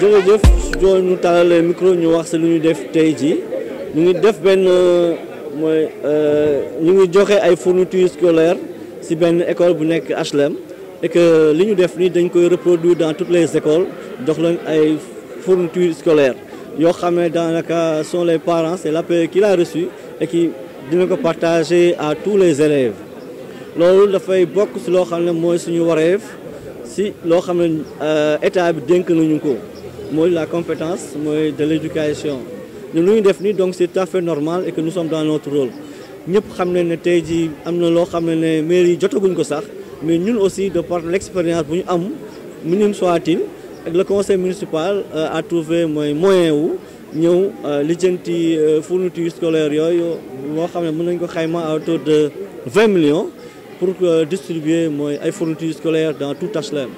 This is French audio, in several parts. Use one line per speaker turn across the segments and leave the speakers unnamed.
jërëjëf joo ñu talalee micro ñu wax si lu ñu def tey jii ñu ngi def benn mooy euh, ñu ngi joxe ay fournitures scolaire si benn école bu nekk HLM et que li ñu def nii dañ koy reproduire dans toutes les écoles jox leen ay fournitures scolaires yoo xam ne daanaka sont les parents la l'APE qui a reçu et qui dina ko partager à tous les élèves loolu dafay bokk si loo xam ne mooy suñu wareef si loo xam ne euh, état bi dénk nañu ko la compétence moi de l'éducation Nous sommes définis donc c'est tout à fait normal et que nous sommes dans notre rôle Nous sommes été notre rôle, nous sommes dans notre rôle, mais nous aussi de par l'expérience que nous avons, minimum soit-il et le conseil municipal euh, a trouvé un moyen pour nous euh, les euh, gens fournitures scolaires des scolaires. Nous avons ko de 20 millions pour distribuer les fournitures scolaires dans tout HLM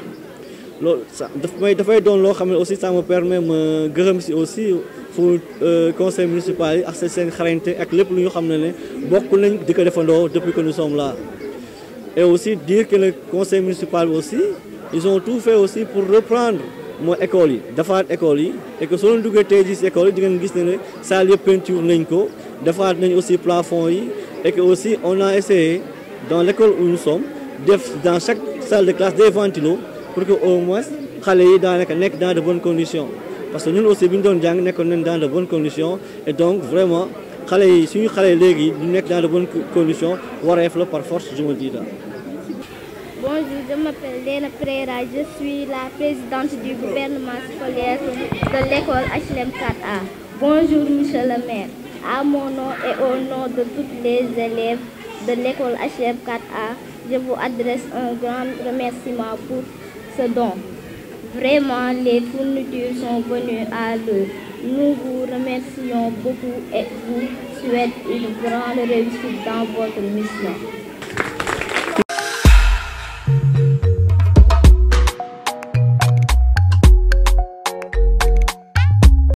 loolu sax daf may don aussi ça me permet de grimper aussi pour euh, conseil municipal accéder ak et xarañte plus lépp de ñu depuis que nous sommes là. et aussi dire que le conseil municipal aussi ils ont tout fait aussi pour reprendre mon école yi école et que selon le duggee école yi salle de peinture nañ ko aussi plafond et que aussi on a essayé dans l'école où nous sommes dans chaque salle de classe des ventilos pour que au moins les yi dans de bonnes conditions parce que nous aussi nous sommes dans de bonnes conditions et donc vraiment si nous sommes dans de bonnes conditions wareef faire par force je me dis
Bonjour, je m'appelle Léna Pereira, je suis la présidente du gouvernement scolaire de l'école HLM 4A. Bonjour Monsieur le maire, à mon nom et au nom de toutes les élèves de l'école HLM 4A, je vous adresse un grand remerciement pour ce don. Vraiment, les fournitures sont venues à l'eau. Nous vous remercions beaucoup et vous souhaitons une grande réussite dans votre mission.